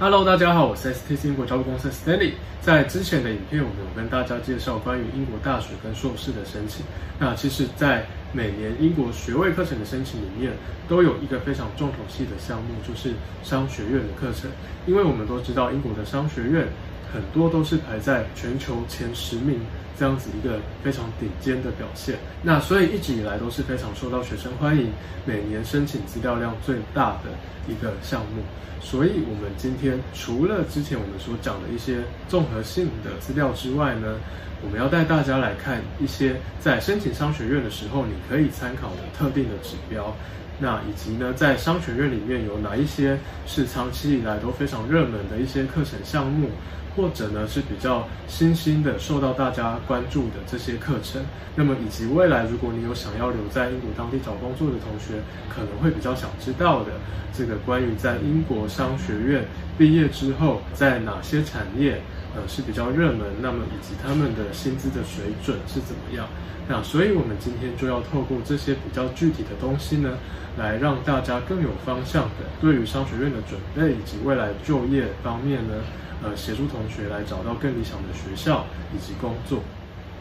哈嘍，Hello, 大家好，我是 STC 英國教育公司 Stanley。在之前的影片，我們有跟大家介紹關於英國大學跟碩士的申請。那其實，在每年英國學位課程的申請裡面，都有一個非常重頭戲的項目，就是商學院的課程。因為我們都知道，英國的商學院很多都是排在全球前十名。這樣子一個非常頂尖的表現，那所以一直以來都是非常受到學生歡迎，每年申請資料量最大的一個項目。所以我們今天除了之前我們所講的一些綜合性的資料之外呢。我們要帶大家來看一些在申請商學院的時候，你可以參考的特定的指標，那以及呢，在商學院裡面有哪一些是長期以來都非常熱門的一些課程項目，或者呢是比較新興的、受到大家關注的這些課程。那麼以及未來，如果你有想要留在英國當地找工作的同學，可能會比較想知道的這個關於在英國商學院畢業之後在哪些產業。呃，是比較熱門，那麼以及他們的薪資的水準是怎麼樣？那所以我們今天就要透過這些比較具體的東西呢，來讓大家更有方向的對於商學院的準備以及未來就業方面呢，呃，協助同學來找到更理想的學校以及工作。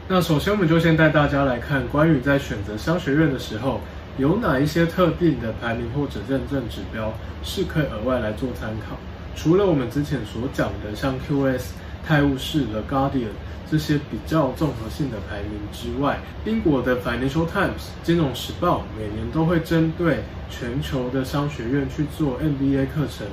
那首先我們就先帶大家來看，關於在選擇商學院的時候，有哪一些特定的排名或者認證指標是可以額外來做參考。除了我們之前所講的像 QS，泰晤士 The Guardian 這些比較綜合性的排名之外，英國的 Financial Times 金融時報每年都會針對全球的商學院去做 MBA 課程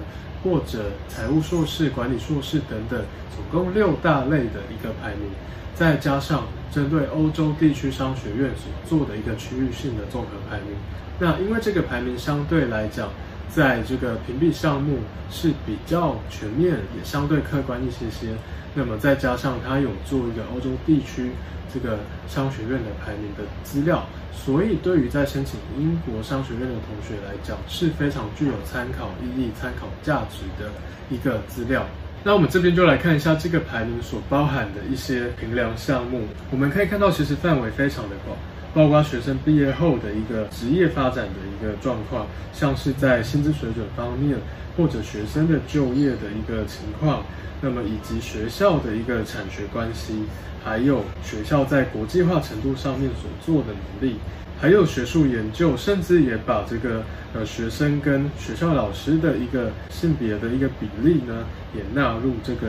或者財務碩士、管理碩士等等，總共六大類的一個排名，再加上針對歐洲地區商學院所做的一個區域性的綜合排名。那因為這個排名相對來講，在這個評比項目是比較全面，也相對客觀一些些。那麼再加上它有做一個歐洲地區這個商學院的排名的資料，所以對於在申請英國商學院的同學來講是非常具有參考意義、參考價值的一個資料。那我們這邊就來看一下這個排名所包含的一些評量項目。我們可以看到，其實範圍非常的廣。包括學生畢業後的一個職業發展的一個狀況，像是在薪資水準方面，或者學生的就業的一個情況，那麼以及學校的一個產學關係，還有學校在國際化程度上面所做的努力，還有學術研究，甚至也把這個呃學生跟學校老師的一個性別的一個比例呢，也納入這個。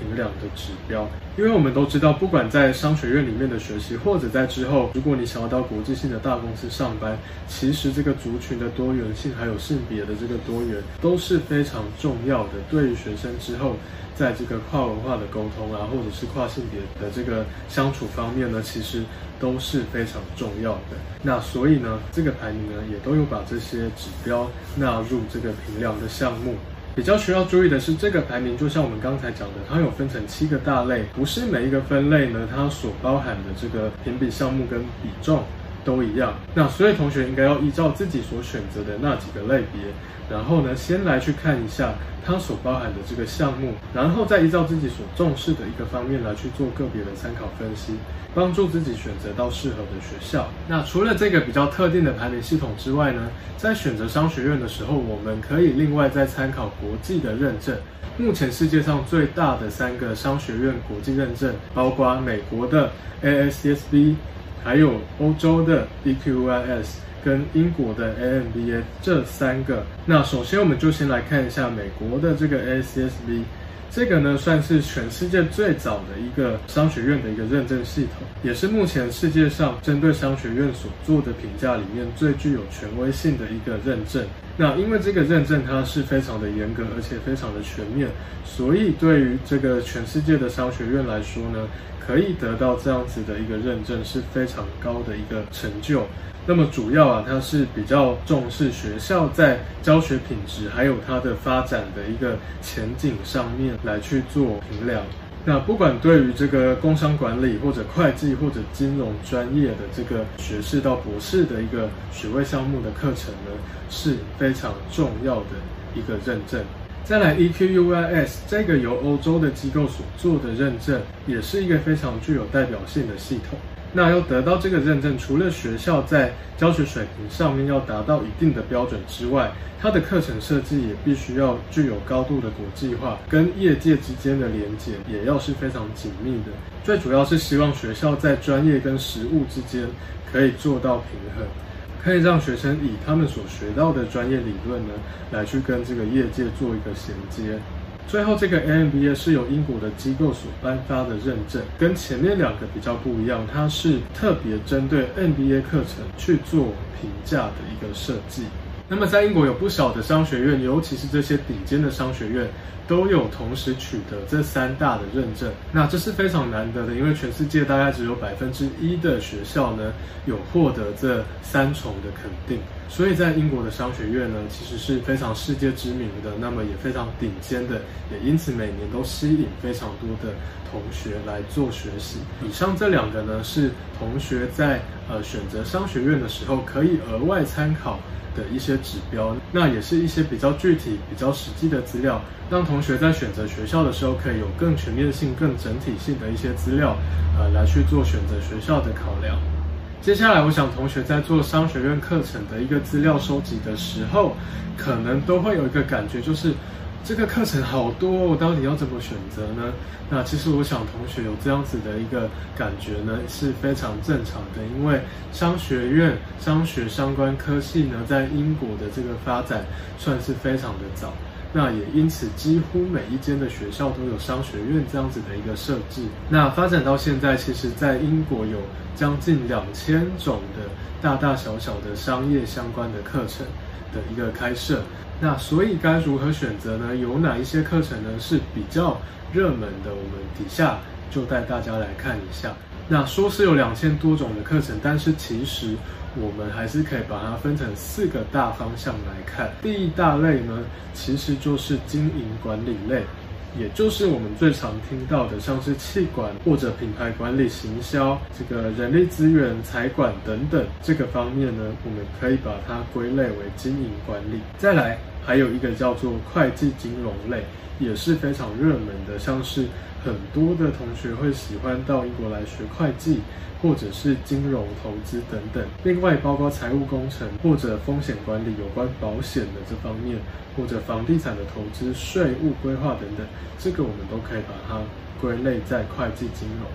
評量的指標，因為我們都知道，不管在商學院裡面的學習，或者在之後，如果你想要到國際性的大公司上班，其實這個族群的多元性，還有性別的這個多元，都是非常重要的。對於學生之後在這個跨文化的溝通啊，或者是跨性別的這個相處方面呢，其實都是非常重要的。那所以呢，這個排名呢，也都有把這些指標納入這個評量的項目。比較需要注意的是，這個排名就像我們剛才講的，它有分成七個大類，不是每一個分類呢，它所包含的這個評比項目跟比重，都一樣。那所以同學應該要依照自己所選擇的那幾個類別，然後呢，先來去看一下它所包含的這個項目，然後再依照自己所重視的一個方面來去做個別的參考分析，幫助自己選擇到適合的學校。那除了這個比較特定的排名系統之外呢，在選擇商學院的時候，我們可以另外再參考國際的認證。目前世界上最大的三個商學院國際認證，包括美國的 AACSB。還有歐洲的 EQUIS、e、跟英國的 AMBA 這三個。那首先，我們就先來看一下美國的這個 AACSB。這個呢，算是全世界最早的一個商學院的一個認證系統，也是目前世界上針對商學院所做的評價裡面最具有權威性的一個認證。那因為這個認證它是非常的嚴格，而且非常的全面，所以對於這個全世界的商學院來說呢，可以得到這樣子的一個認證是非常高的一個成就。那麼主要啊，它是比較重視學校在教學品質，還有它的發展的一個前景上面來去做評量。那不管對於這個工商管理或者會計或者金融專業的這個學士到博士的一個學位項目的課程呢，是非常重要的一個認證。再來，EQUIS 這個由歐洲的機構所做的認證，也是一個非常具有代表性的系統。那要得到這個認證，除了學校在教學水平上面要達到一定的標準之外，它的課程設計也必須要具有高度的國際化，跟業界之間的連接也要是非常緊密的。最主要是希望學校在專業跟實務之間可以做到平衡，可以讓學生以他們所學到的專業理論呢，來去跟這個業界做一個銜接。最後，這個 MBA 是由英國的機構所頒發的認證，跟前面兩個比較不一樣，它是特別針對 MBA 課程去做評價的一個設計。那麼，在英國有不少的商學院，尤其是這些頂尖的商學院，都有同時取得這三大的認證。那這是非常難得的，因為全世界大概只有百分之一的學校呢，有獲得這三重的肯定。所以在英國的商學院呢，其實是非常世界知名的，那麼也非常頂尖的，也因此每年都吸引非常多的同學來做學習。以上這兩個呢，是同學在呃選擇商學院的時候，可以額外參考的一些指標，那也是一些比較具體、比較實際的資料，讓同學在選擇學校的時候，可以有更全面性、更整體性的一些資料，呃，來去做選擇學校的考量。接下來，我想同學在做商學院課程的一個資料收集的時候，可能都會有一個感覺，就是。這個課程好多哦，我到底要怎麼選擇呢？那其實我想同學有這樣子的一個感覺呢，是非常正常的。因為商學院、商學相關科系呢，在英國的這個發展算是非常的早，那也因此幾乎每一間的學校都有商學院這樣子的一個設置。那發展到現在，其實在英國有將近兩千種的大大小小的商業相關的課程。的一個開設，那所以該如何選擇呢？有哪一些課程呢是比較熱門的？我們底下就帶大家來看一下。那說是有兩千多種的課程，但是其實我們還是可以把它分成四個大方向來看。第一大類呢，其實就是經營管理類。也就是我們最常聽到的，像是企管或者品牌管理、行銷、這個人力資源、財管等等這個方面呢，我們可以把它歸類為經營管理。再來。還有一個叫做會計金融類，也是非常熱門的。像是很多的同學會喜歡到英國來學會計，或者是金融投資等等。另外，包括財務工程，或者風險管理，有關保險的這方面，或者房地產的投資，稅務規劃等等，這個我們都可以把它歸類在會計金融。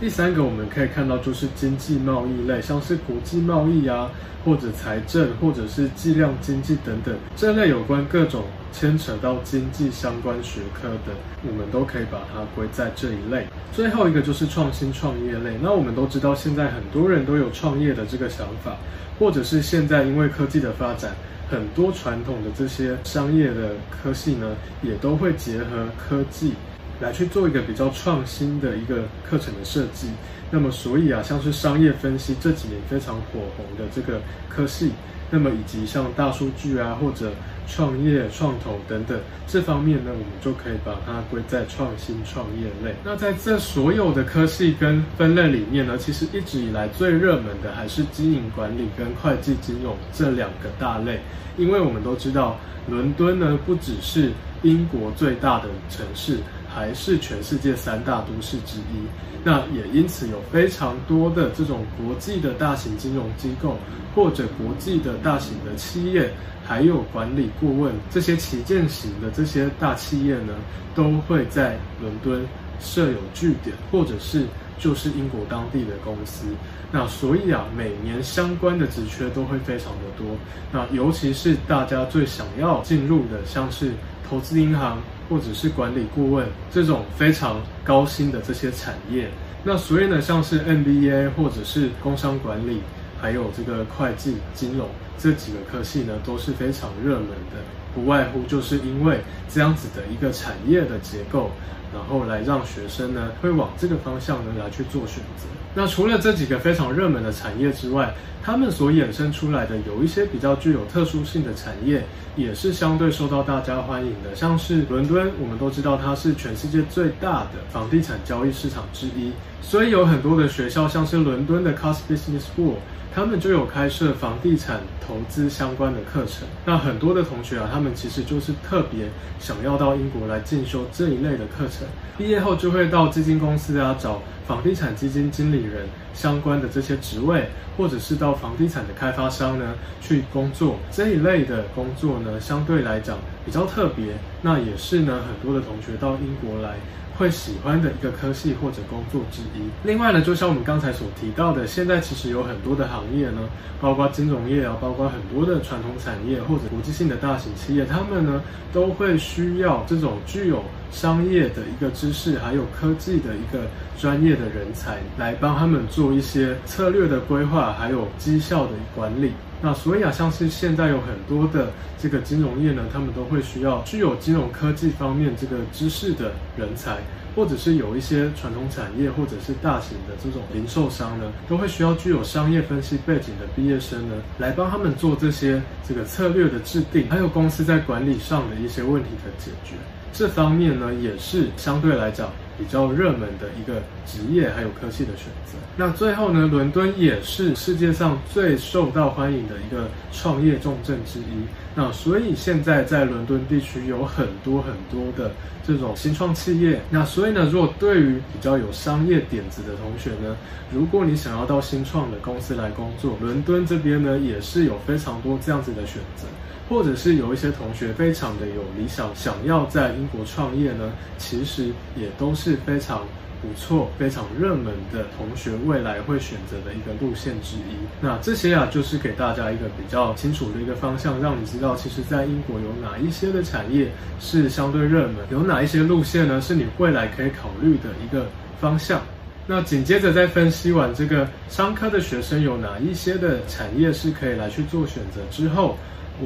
第三個，我們可以看到就是經濟貿易類，像是國際貿易啊，或者財政，或者是計量經濟等等這類有關各種牽扯到經濟相關學科的，我們都可以把它歸在這一類。最後一個就是創新創業類。那我們都知道，現在很多人都有創業的這個想法，或者是現在因為科技的發展，很多傳統的這些商業的科系呢，也都會結合科技。來去做一個比較創新的一個課程的設計。那麼，所以啊，像是商業分析這幾年非常火紅的這個科系，那麼以及像大數據啊，或者創業創投等等這方面呢，我們就可以把它歸在創新創業類。那在這所有的科系跟分類裡面呢，其實一直以來最熱門的還是經營管理跟會計金融這兩個大類，因為我們都知道，倫敦呢不只是英國最大的城市，還是全世界三大都市之一，那也因此有非常多的這種國際的大型金融機構，或者國際的大型的企業，還有管理顧問這些旗艦型的這些大企業呢，都會在倫敦設有據點，或者是就是英國當地的公司。那所以啊，每年相關的職缺都會非常的多，那尤其是大家最想要進入的，像是投資銀行。或者是管理顧問這種非常高薪的這些產業，那所以呢，像是 MBA 或者是工商管理，還有這個會計、金融這幾個科系呢，都是非常熱門的。不外乎就是因為這樣子的一個產業的結構，然後來讓學生呢會往這個方向呢來去做選擇。那除了這幾個非常熱門的產業之外，他們所衍生出來的有一些比較具有特殊性的產業，也是相對受到大家歡迎的。像是倫敦，我們都知道它是全世界最大的房地產交易市場之一，所以有很多的學校，像是倫敦的 Cass Business School。他們就有開設房地產投資相關的課程，那很多的同學啊，他們其實就是特別想要到英國來進修這一類的課程，畢業後就會到基金公司啊找房地產基金經理人相關的這些職位，或者是到房地產的開發商呢去工作，這一類的工作呢相對來講比較特別，那也是呢很多的同學到英國來，會喜歡的一個科系或者工作之一。另外呢，就像我們剛才所提到的，現在其實有很多的行業呢，包括金融業啊，包括很多的傳統產業或者國際性的大型企業，他們呢都會需要這種具有商業的一個知識，還有科技的一個專業的人才，來幫他們做一些策略的規劃，還有績效的管理。那所以啊，像是現在有很多的這個金融業呢，他們都會需要具有金融科技方面這個知識的人才。或者是有一些傳統產業，或者是大型的這種零售商呢，都會需要具有商業分析背景的畢業生呢，來幫他們做這些這個策略的制定，還有公司在管理上的一些問題的解決。這方面呢，也是相對來講比較熱門的一個職業，還有科技的選擇。那最後呢，倫敦也是世界上最受到歡迎的一個創業重鎮之一。那所以現在在倫敦地區有很多很多的這種新創企業。那所所以呢，如果對於比較有商業點子的同學呢，如果你想要到新創的公司來工作，倫敦這邊呢，也是有非常多這樣子的選擇，或者是有一些同學非常的有理想，想要在英國創業呢，其實也都是非常。不錯，非常熱門的同學未來會選擇的一個路線之一。那這些啊，就是給大家一個比較清楚的一個方向，讓你知道其實在英國有哪一些的產業是相對熱門，有哪一些路線呢，是你未來可以考慮的一個方向。那緊接着在分析完這個商科的學生有哪一些的產業是可以來去做選擇之後，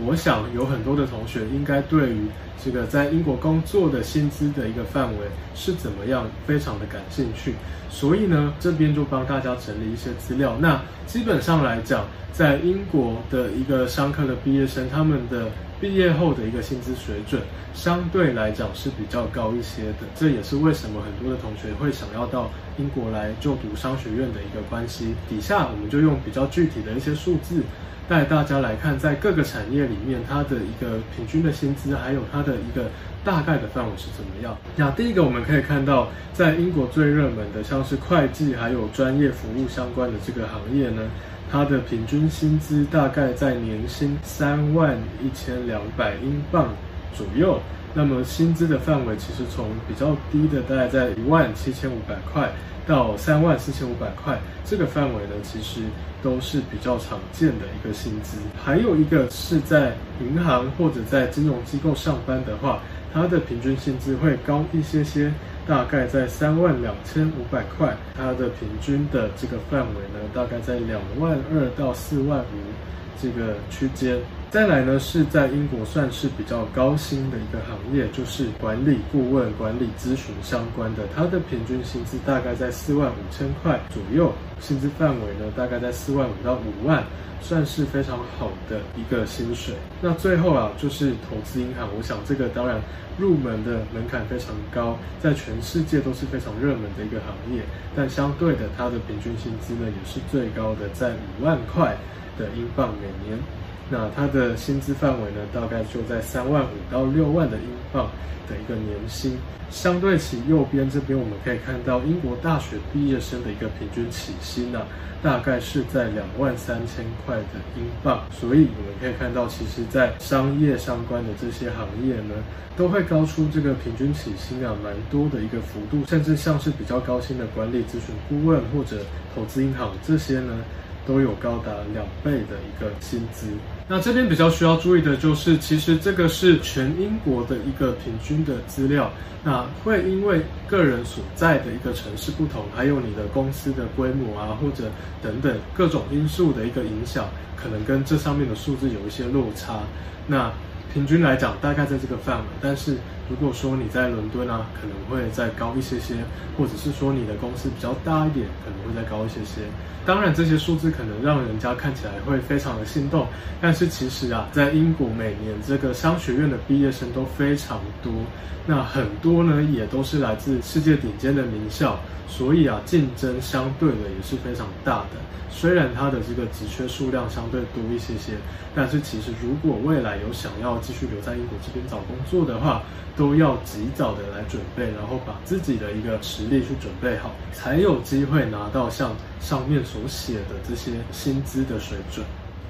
我想有很多的同學應該對於這個在英國工作的薪資的一個範圍是怎麼樣，非常的感興趣。所以呢，這邊就幫大家整理一些資料。那基本上來講，在英國的一個商科的畢業生，他們的畢業後的一個薪資水準，相對來講是比較高一些的。這也是為什麼很多的同學會想要到英國來就讀商學院的一個關係。底下我們就用比較具體的一些數字，帶大家來看，在各個產業裡面，它的一個平均的薪資，還有它的一個大概的範圍是怎麼樣。那第一個，我們可以看到，在英國最熱門的，像是會計還有專業服務相關的這個行業呢，它的平均薪資大概在年薪三萬一千兩百英鎊左右。那麼薪資的範圍其實從比較低的，大概在一萬七千五百塊。到三萬四千五百塊這個範圍呢，其實都是比較常見的一個薪資。還有一個是在銀行或者在金融機構上班的話，它的平均薪資會高一些些，大概在三萬兩千五百塊。它的平均的這個範圍呢，大概在兩萬二到四萬五這個區間。再來呢，是在英國算是比較高薪的一個行業，就是管理顧問、管理諮詢相關的，它的平均薪資大概在四萬五千塊左右，薪資範圍呢，大概在四萬五到五萬，算是非常好的一個薪水。那最後啊，就是投資銀行，我想這個當然入門的門檻非常高，在全世界都是非常熱門的一個行業，但相對的，它的平均薪資呢也是最高的，在五萬塊的英鎊每年。那它的薪資範圍呢，大概就在三萬五到六萬的英鎊的一個年薪。相對其右邊這邊，我們可以看到英國大學畢業生的一個平均起薪呢啊，大概是在兩萬三千塊的英鎊。所以我們可以看到，其實，在商業相關的這些行業呢，都會高出這個平均起薪啊蠻多的一個幅度，甚至像是比較高薪的管理諮詢顧問或者投資銀行這些呢。都有高達兩倍的一個薪資。那這邊比較需要注意的就是，其實這個是全英國的一個平均的資料，那會因為個人所在的一個城市不同，還有你的公司的規模啊，或者等等各種因素的一個影響，可能跟這上面的數字有一些落差。那平均來講，大概在這個範圍，但是。如果說你在倫敦啊，可能會再高一些些，或者是說你的公司比較大一點，可能會再高一些些。當然，這些數字可能讓人家看起來會非常的心動，但是其實啊，在英國每年這個商學院的畢業生都非常多，那很多呢也都是來自世界頂尖的名校，所以啊競爭相對的也是非常大的。雖然它的這個職缺數量相對多一些些，但是其實如果未來有想要繼續留在英國這邊找工作的話，都要及早的來準備，然後把自己的一個實力去準備好，才有機會拿到像上面所寫的這些薪資的水準。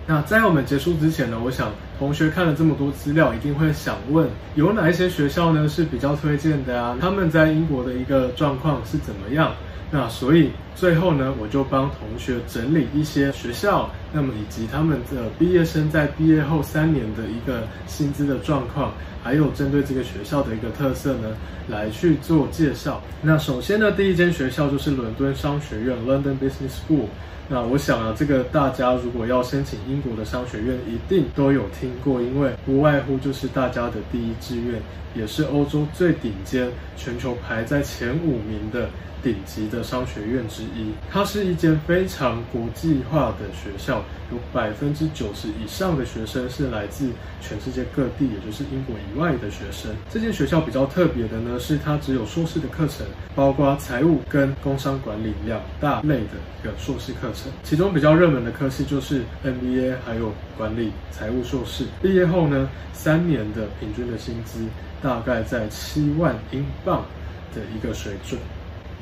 那在我們結束之前呢，我想同學看了這麼多資料，一定會想問，有哪一些學校呢是比較推薦的啊？他們在英國的一個狀況是怎麼樣？那所以最後呢，我就幫同學整理一些學校，那麼以及他們的畢業生在畢業後三年的一個薪資的狀況，還有針對這個學校的一個特色呢，來去做介紹。那首先呢，第一間學校就是倫敦商學院 （London Business School）。那我想啊，這個大家如果要申請英國的商學院，一定都有聽過，因為不外乎就是大家的第一志願。也是歐洲最頂尖、全球排在前五名的頂級的商學院之一。它是一間非常國際化的學校，有90，有百分之九十以上的學生是來自全世界各地，也就是英國以外的學生。這間學校比較特別的呢，是它只有碩士的課程，包括財務跟工商管理兩大類的一個碩士課程。其中比較熱門的科系就是 MBA 還有。管理財務碩士畢業後呢，三年的平均的薪資大概在七萬英鎊的一個水準。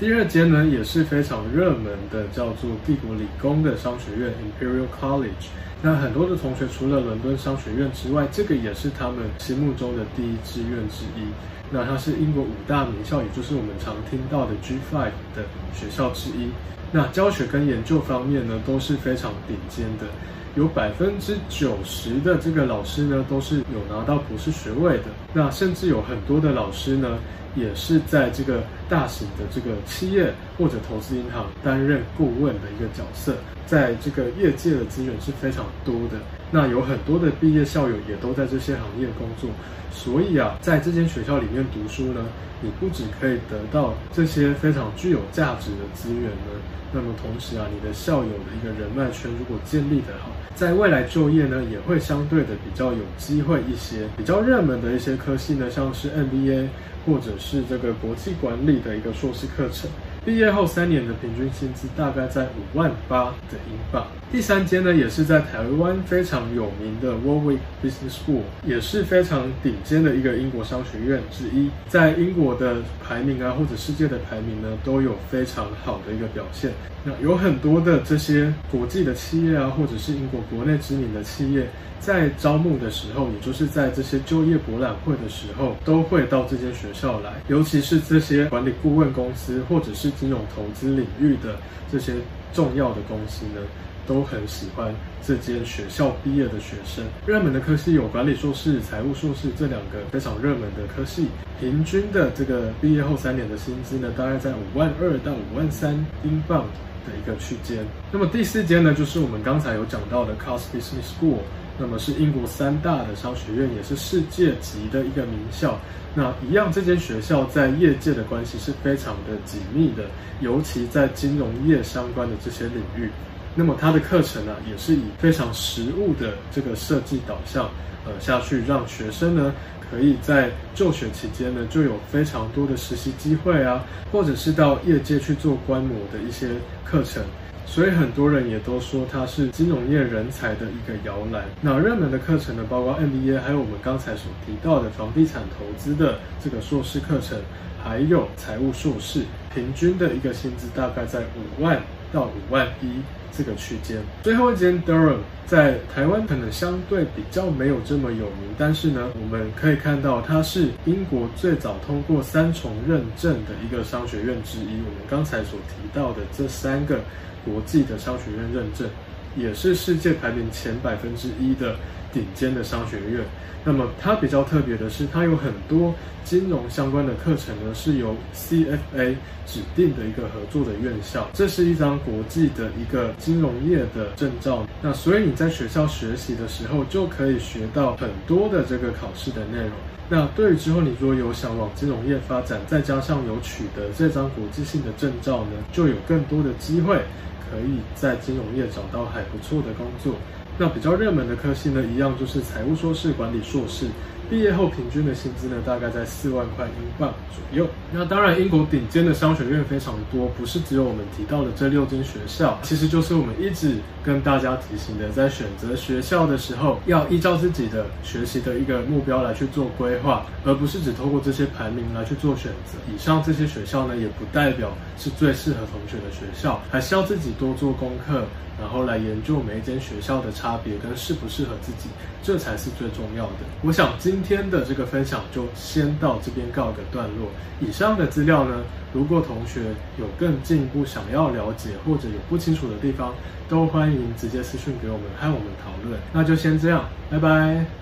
第二間呢，也是非常熱門的，叫做帝國理工的商學院 （Imperial College）。那很多的同學除了倫敦商學院之外，這個也是他們心目中的第一志願之一。那它是英國五大名校，也就是我們常聽到的 G5 的學校之一。那教學跟研究方面呢，都是非常頂尖的。有百分之九十的這個老師呢，都是有拿到博士學位的那甚至有很多的老師呢，也是在這個大型的這個企業或者投資銀行擔任顧問的一個角色，在這個業界的資源是非常多的。那有很多的畢業校友也都在這些行業工作，所以啊，在這間學校裡面讀書呢，你不只可以得到這些非常具有價值的資源呢，那麼同時啊，你的校友的一個人脈圈如果建立得好，在未來就業呢也會相對的比較有機會一些。比較熱門的一些科系呢，像是 MBA 或者是這個國際管理的一個碩士課程。畢業後三年的平均薪資大概在五萬八的英鎊。第三間呢，也是在台灣非常有名的 Warwick Business School，也是非常頂尖的一個英國商學院之一。在英國的排名啊，或者世界的排名呢，都有非常好的一個表現。那有很多的這些國際的企業啊，或者是英國國內知名的企業，在招募的時候，也就是在這些就業博覽會的時候，都會到這間學校來，尤其是這些管理顧問公司，或者是金融投資領域的這些重要的公司呢，都很喜歡這間學校畢業的學生。熱門的科系有管理碩士、財務碩士這兩個非常熱門的科系。平均的這個畢業後三年的薪資呢，大概在五萬二到五萬三英鎊。的一個區間。那麼第四間呢，就是我們剛才有講到的 Cass Business School，那麼是英國三大的商學院，也是世界級的一個名校。那一樣，這間學校在業界的關係是非常的緊密的，尤其在金融業相關的這些領域。那麼它的課程呢、啊，也是以非常實務的這個設計導向，呃下去讓學生呢。可以在就學期間呢，就有非常多的實習機會啊，或者是到業界去做觀摩的一些課程，所以很多人也都說它是金融業人才的一個搖籃。那熱門的課程呢，包括 MBA，還有我們剛才所提到的房地產投資的這個碩士課程，還有財務碩士，平均的一個薪資大概在五萬到五萬一。這個區間，最後一間 Durham 在台灣可能相對比較沒有這麼有名，但是呢，我們可以看到它是英國最早通過三重認證的一個商學院之一。我們剛才所提到的這三個國際的商學院認證，也是世界排名前百分之一的。頂尖的商學院，那麼它比較特別的是，它有很多金融相關的課程呢，是由 CFA 指定的一個合作的院校。這是一張國際的一個金融業的證照，那所以你在學校學習的時候，就可以學到很多的這個考試的內容。那對於之後，你如果有想往金融業發展，再加上有取得這張國際性的證照呢，就有更多的機會可以在金融業找到還不錯的工作。那比較熱門的科系呢，一樣就是財務碩士、管理碩士。畢業後平均的薪資呢，大概在四萬塊英鎊左右。那當然，英國頂尖的商學院非常多，不是只有我們提到的這六間學校。其實就是我們一直跟大家提醒的，在選擇學校的時候，要依照自己的學習的一個目標來去做規劃，而不是只透過這些排名來去做選擇。以上這些學校呢，也不代表是最適合同學的學校，還是要自己多做功課，然後來研究每一間學校的差別跟適不適合自己，這才是最重要的。我想今今天的這個分享就先到這邊告一個段落。以上的資料呢，如果同學有更進一步想要了解或者有不清楚的地方，都歡迎直接私訊給我們，和我們討論。那就先這樣，拜拜。